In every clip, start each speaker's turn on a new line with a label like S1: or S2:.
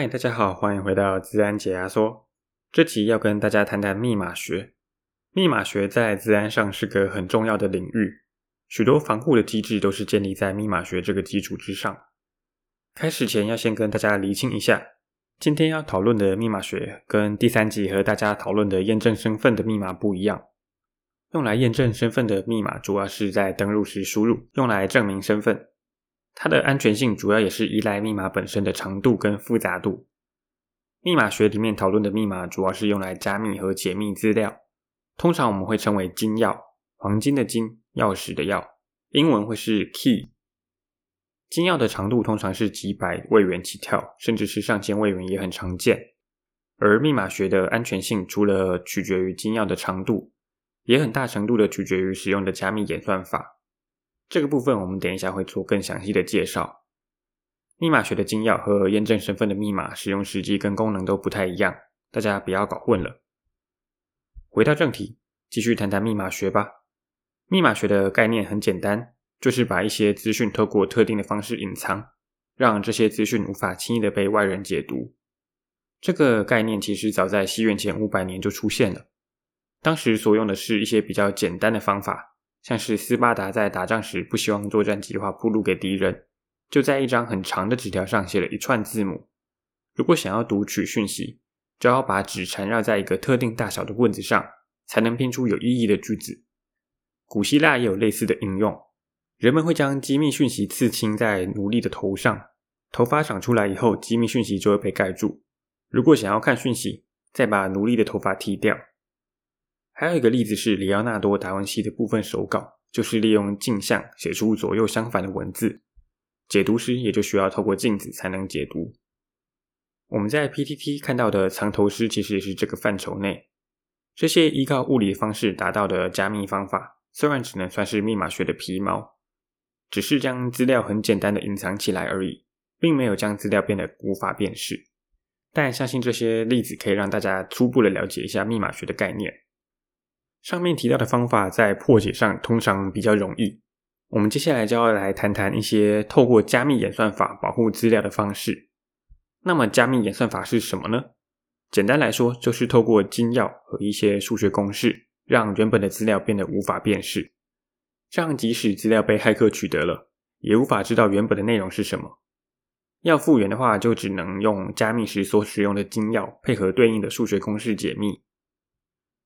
S1: 嗨，大家好，歡迎回到資安解壓縮。這集要跟大家談談密碼學。密碼學在資安上是個很重要的領域，許多防護的機制，都是建立在密碼學這個基礎之上。開始前要先跟大家釐清一下，今天要討論的密碼學跟第三集和大家討論的驗證身份的密碼不一樣。用來驗證身份的密碼主要是在登錄時輸入，用來證明身份。它的安全性主要也是依賴密碼本身的長度跟複雜度。密碼學裡面討論的密碼主要是用來加密和解密資料，通常我們會稱為金鑰，黃金的金，鑰匙的鑰，英文會是 key。金鑰的長度通常是幾百位元起跳，甚至是上千位元也很常見。而密碼學的安全性除了取決於金鑰的長度，也很大程度的取決於使用的加密演算法。這個部分我們等一下會做更詳細的介紹。密碼學的金鑰和驗證身份的密碼使用時機跟功能都不太一樣，大家不要搞混了。回到正題，繼續談談密碼學吧。密碼學的概念很簡單，就是把一些資訊透過特定的方式隱藏，讓這些資訊無法輕易的被外人解讀。這個概念其實早在西元前五百年就出現了，當時所用的是一些比較簡單的方法。像是斯巴達在打仗時，不希望作戰計劃暴露給敵人，就在一張很長的紙條上寫了一串字母。如果想要讀取訊息，就要把紙纏繞在一個特定大小的棍子上，才能拼出有意義的句子。古希臘也有類似的應用，人們會將機密訊息刺青在奴隸的頭上，頭髮長出來以後，機密訊息就會被蓋住。如果想要看訊息，再把奴隸的頭髮剃掉。還有一個例子是里奧納多·達文西的部分手稿，就是利用鏡像寫出左右相反的文字，解讀時也就需要透過鏡子才能解讀。我們在 PTT 看到的藏頭詩，其實也是這個範疇內。這些依靠物理方式達到的加密方法，雖然只能算是密碼學的皮毛，只是將資料很簡單的隱藏起來而已，並沒有將資料變得無法辨識。但相信這些例子可以讓大家初步的了解一下密碼學的概念。上面提到的方法在破解上通常比較容易。我們接下來就要來談談一些透過加密演算法保護資料的方式。那麼，加密演算法是什麼呢？簡單來說，就是透過金鑰和一些數學公式，讓原本的資料變得無法辨識。這樣，即使資料被駭客取得了，也無法知道原本的內容是什麼。要復原的話，就只能用加密時所使用的金鑰，配合對應的數學公式解密。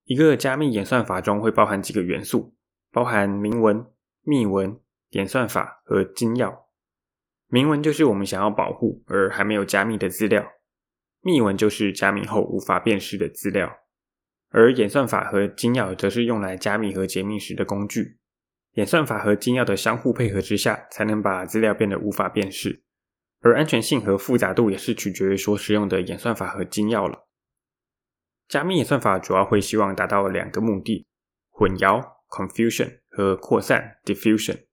S1: 一個加密演算法中會包含幾個元素，包含明文、密文、演算法和金鑰。明文就是我們想要保護而還沒有加密的資料，密文就是加密後無法辨識的資料，而演算法和金鑰則是用來加密和解密時的工具。演算法和金鑰的相互配合之下，才能把資料變得無法辨識，而安全性和複雜度也是取決於所使用的演算法和金鑰了。加密算法主要會希望達到兩個目的：混淆 （confusion） 和擴散 （diffusion）。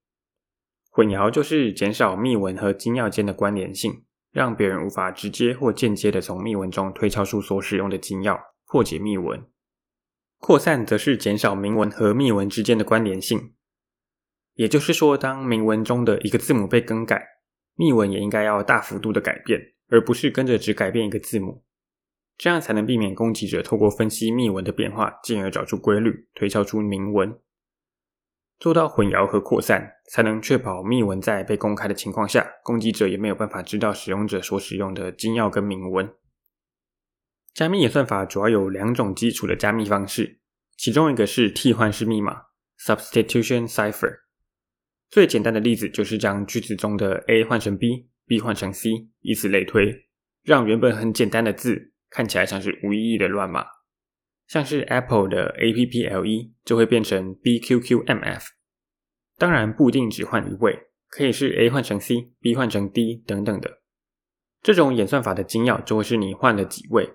S1: 混淆就是減少密文和金鑰間的關聯性，讓別人無法直接或間接的從密文中推敲出所使用的金鑰，破解密文。擴散則是減少明文和密文之間的關聯性，也就是說，當明文中的一個字母被更改，密文也應該要大幅度的改變，而不是跟着只改變一個字母。這樣才能避免攻擊者透過分析密文的變化，進而找出規律，推敲出明文，做到混淆和擴散，才能確保密文在被公開的情況下，攻擊者也沒有辦法知道使用者所使用的金鑰跟明文。加密演算法主要有兩種基礎的加密方式，其中一個是替換式密碼 （substitution cipher），最簡單的例子就是將句子中的 a 換成 b，b 換成 c，以此類推，讓原本很簡單的字，看起來像是無意義的亂碼，像是 Apple 的 A P P L E 就會變成 B Q Q M F。當然不一定只換一位，可以是 A 換成 C，B 換成 D 等等的。這種演算法的金鑰就會是你換了幾位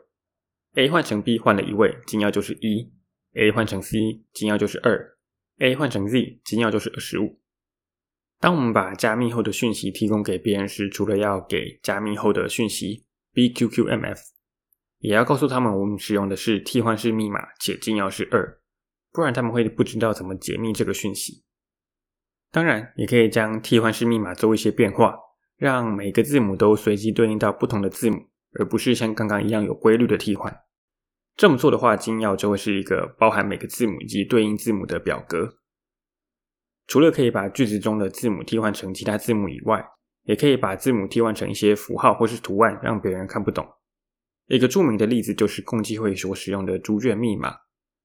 S1: ，A 換成 B 換了一位，金鑰就是一；A 換成 C，金鑰就是二；A 換成 Z，金鑰就是二十五。當我們把加密後的訊息提供給別人時，除了要給加密後的訊息 B Q Q M F。BQQMF，也要告訴他們，我們使用的是替換式密碼，且金鑰是二，不然他們會不知道怎麼解密這個訊息。當然，也可以將替換式密碼做一些變化，讓每個字母都隨機對應到不同的字母，而不是像剛剛一樣有規律的替換。這麼做的話，金鑰就會是一個包含每個字母以及對應字母的表格。除了可以把句子中的字母替換成其他字母以外，也可以把字母替換成一些符號或是圖案，讓別人看不懂。一個著名的例子就是共濟會所使用的豬圈密碼。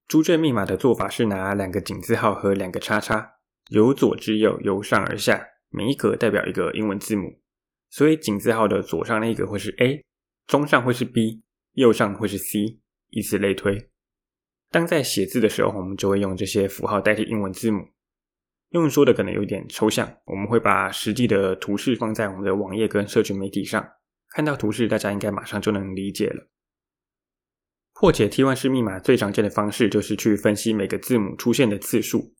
S1: 豬圈密碼的做法是拿兩個井字號和兩個叉叉，由左至右，由上而下，每一格代表一個英文字母。所以井字號的左上那一格會是 A，中上會是 B，右上會是 C，以此類推。當在寫字的時候，我們就會用這些符號代替英文字母。用說的可能有點抽象，我們會把實際的圖示放在我們的網頁跟社群媒體上。看到圖示，大家應該馬上就能理解了。破解替換式密碼最常見的方式就是去分析每個字母出現的次數。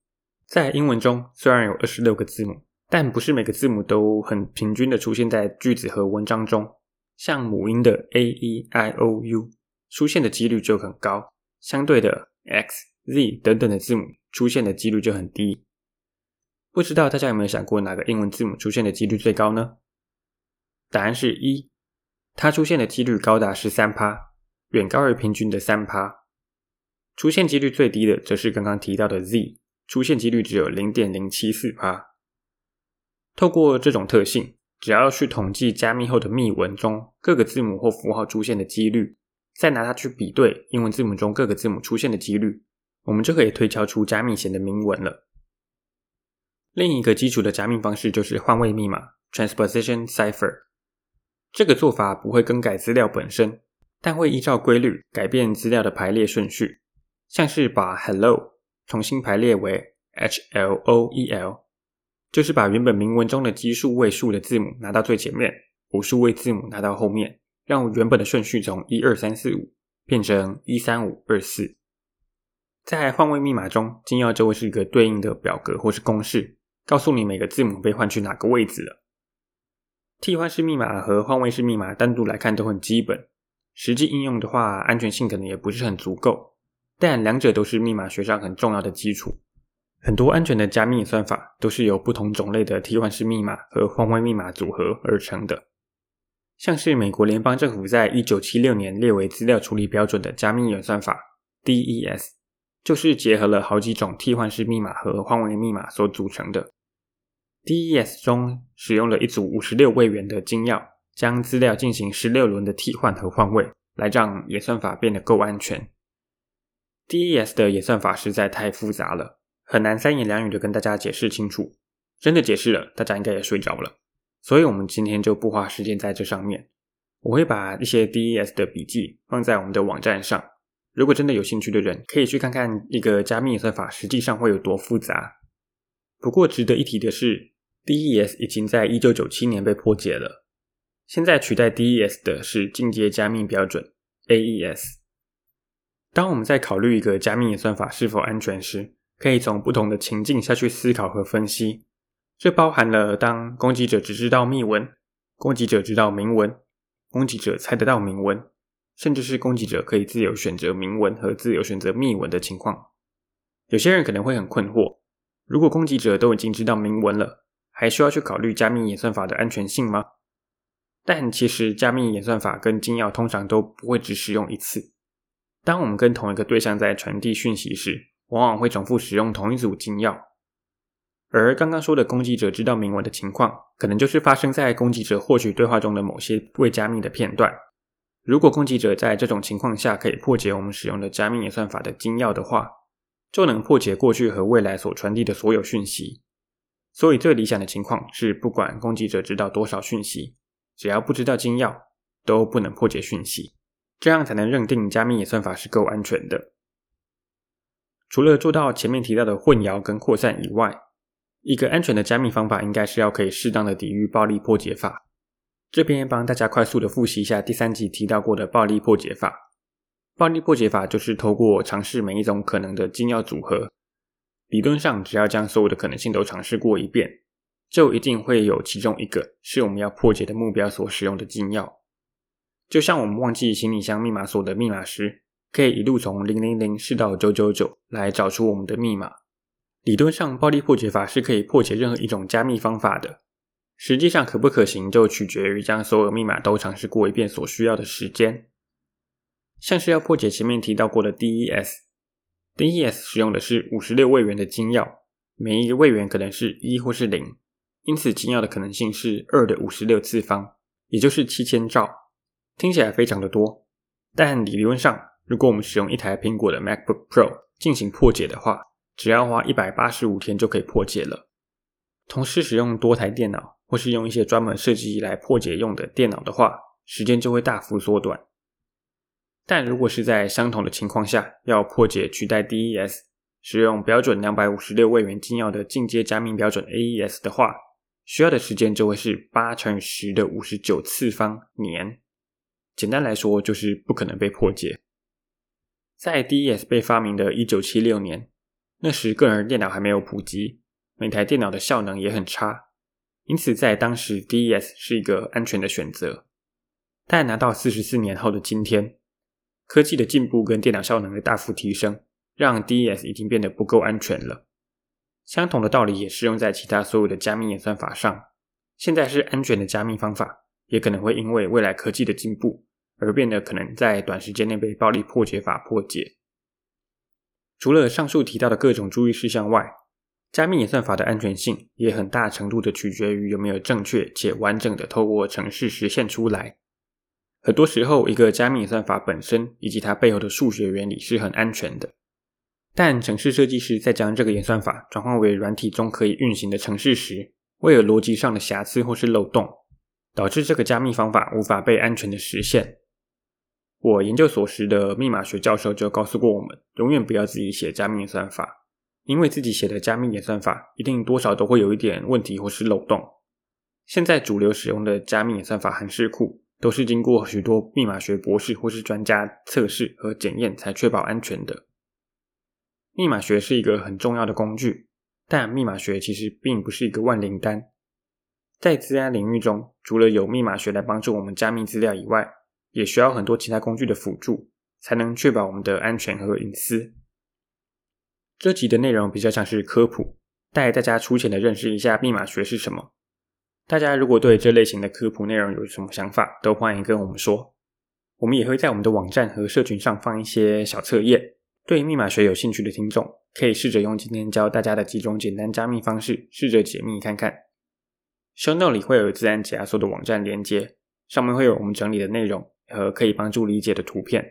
S1: 在英文中，雖然有二十六個字母，但不是每個字母都很平均的出現在句子和文章中。像母音的 A E I O U 出現的幾率就很高，相對的 X Z 等等的字母出現的幾率就很低。不知道大家有沒有想過哪個英文字母出現的幾率最高呢？答案是 E。它出現的幾率高達十三趴，遠高於平均的三趴。出現幾率最低的，則是剛剛提到的 Z，出現幾率只有零點零七四趴。透過這種特性，只要去統計加密後的密文中各個字母或符號出現的幾率，再拿它去比對英文字母中各個字母出現的幾率，我們就可以推敲出加密前的明文了。另一個基礎的加密方式就是換位密碼 （transposition cipher）。這個做法不會更改資料本身，但會依照規律改變資料的排列順序，像是把 hello 重新排列為 h l o e l，就是把原本明文中的奇數位數的字母拿到最前面，偶數位字母拿到後面，讓原本的順序從一二三四五變成一三五二四。在換位密碼中，金鑰就會是一個對應的表格或是公式，告訴你每個字母被換去哪個位置了。替換式密碼和換位式密碼單獨來看都很基本，實際應用的話安全性可能也不是很足夠，但兩者都是密碼學上很重要的基礎。很多安全的加密演算法都是由不同種類的替換式密碼和換位密碼組合而成的，像是美國聯邦政府在一九七六年列為資料處理標準的加密演算法 DES，就是結合了好幾種替換式密碼和換位密碼所組成的。DES 中使用了一組五十六位元的金鑰，將資料進行十六輪的替換和換位，來讓演算法變得夠安全。DES 的演算法實在太複雜了，很難三言兩語就跟大家解釋清楚。真的解釋了，大家應該也睡着了。所以，我們今天就不花時間在這上面。我會把一些 DES 的筆記放在我們的網站上，如果真的有興趣的人，可以去看看一個加密演算法實際上會有多複雜。不過，值得一提的是。DES 已經在1997年被破解了，現在取代 DES 的是進階加密標準 AES。當我們在考慮一個加密演算法是否安全時，可以從不同的情境下去思考和分析，這包含了當攻擊者只知道密文、攻擊者知道明文、攻擊者猜得到明文，甚至是攻擊者可以自由選擇明文和自由選擇密文的情況。有些人可能會很困惑，如果攻擊者都已經知道明文了。還需要去考慮加密演算法的安全性嗎？但其實加密演算法跟金鑰通常都不會只使用一次。當我們跟同一個對象在傳遞訊息時，往往會重複使用同一組金鑰。而剛剛說的攻擊者知道明文的情況，可能就是發生在攻擊者獲取對話中的某些未加密的片段。如果攻擊者在這種情況下可以破解我們使用的加密演算法的金鑰的話，就能破解過去和未來所傳遞的所有訊息。所以最理想的情況是，不管攻擊者知道多少訊息，只要不知道金鑰，都不能破解訊息，這樣才能認定加密演算法是夠安全的。除了做到前面提到的混淆跟擴散以外，一個安全的加密方法應該是要可以適當的抵禦暴力破解法。這邊幫大家快速的複習一下第三集提到過的暴力破解法。暴力破解法就是透過嘗試每一種可能的金鑰組合。理論上，只要將所有的可能性都嘗試過一遍，就一定會有其中一個是我們要破解的目標所使用的金鑰。就像我們忘記行李箱密碼鎖的密碼時，可以一路從零零零試到九九九來找出我們的密碼。理論上，暴力破解法是可以破解任何一種加密方法的。實際上，可不可行就取決於將所有密碼都嘗試過一遍所需要的時間。像是要破解前面提到過的 DES。DES 使用的是五十六位元的金鑰，每一個位元可能是一或是零，因此金鑰的可能性是二的五十六次方，也就是七千兆。聽起來非常的多，但理論上，如果我們使用一台蘋果的 MacBook Pro 進行破解的話，只要花一百八十五天就可以破解了。同時使用多台電腦，或是用一些專門設計來破解用的電腦的話，時間就會大幅縮短。但如果是在相同的情況下，要破解取代 DES 使用標準兩百五十六位元金鑰的進階加密標準 AES 的話，需要的時間就會是八乘十的五十九次方年。簡單來說，就是不可能被破解。在 DES 被發明的一九七六年，那時個人電腦還沒有普及，每台電腦的效能也很差，因此在當時 DES 是一個安全的選擇。但拿到四十四年後的今天，科技的進步跟電腦效能的大幅提升，讓 DES 已經變得不夠安全了。相同的道理也適用在其他所有的加密演算法上。現在是安全的加密方法，也可能會因為未來科技的進步而變得可能在短時間內被暴力破解法破解。除了上述提到的各種注意事項外，加密演算法的安全性也很大程度的取決於有沒有正確且完整的透過程式實現出來。很多時候，一個加密演算法本身以及它背後的數學原理是很安全的。但程式設計師在將這個演算法轉換為軟體中可以運行的程式時，會有邏輯上的瑕疵或是漏洞，導致這個加密方法無法被安全的實現。我研究所時的密碼學教授就告訴過我們，永遠不要自己寫加密演算法，因為自己寫的加密演算法一定多少都會有一點問題或是漏洞。現在主流使用的加密演算法函式庫。都是經過許多密碼學博士或是專家測試和檢驗才確保安全的。密碼學是一個很重要的工具，但密碼學其實並不是一個萬靈丹。在資安領域中，除了有密碼學來幫助我們加密資料以外，也需要很多其他工具的輔助，才能確保我們的安全和隱私。這集的內容比較像是科普，帶大家粗淺的認識一下密碼學是什麼。大家如果對這類型的科普內容有什麼想法，都歡迎跟我們說。我們也會在我們的網站和社群上放一些小測驗。對密碼學有興趣的聽眾，可以試着用今天教大家的幾種簡單加密方式試着解密看看。Show note 裡會有資安解壓縮的網站連接，上面會有我們整理的內容和可以幫助理解的圖片。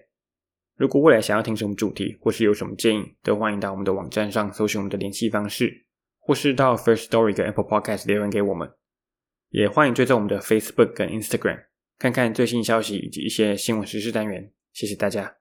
S1: 如果未來想要聽什麼主題或是有什麼建議，都歡迎到我們的網站上搜尋我們的聯繫方式，或是到 First Story 的 Apple Podcast 留言給我們。也歡迎追蹤我們的 Facebook 跟 Instagram，看看最新消息以及一些新聞時事單元。謝謝大家。